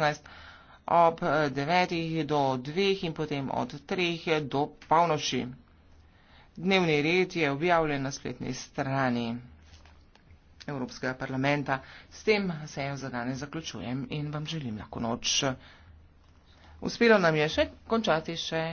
15 ob 9 do 2 in potem od 3 do polnoči. Dnevni red je objavljen na spletni strani Evropskega parlamenta. S tem se jo za danes zaključujem in vam želim lahko noč. Uspelo nam je še končati še.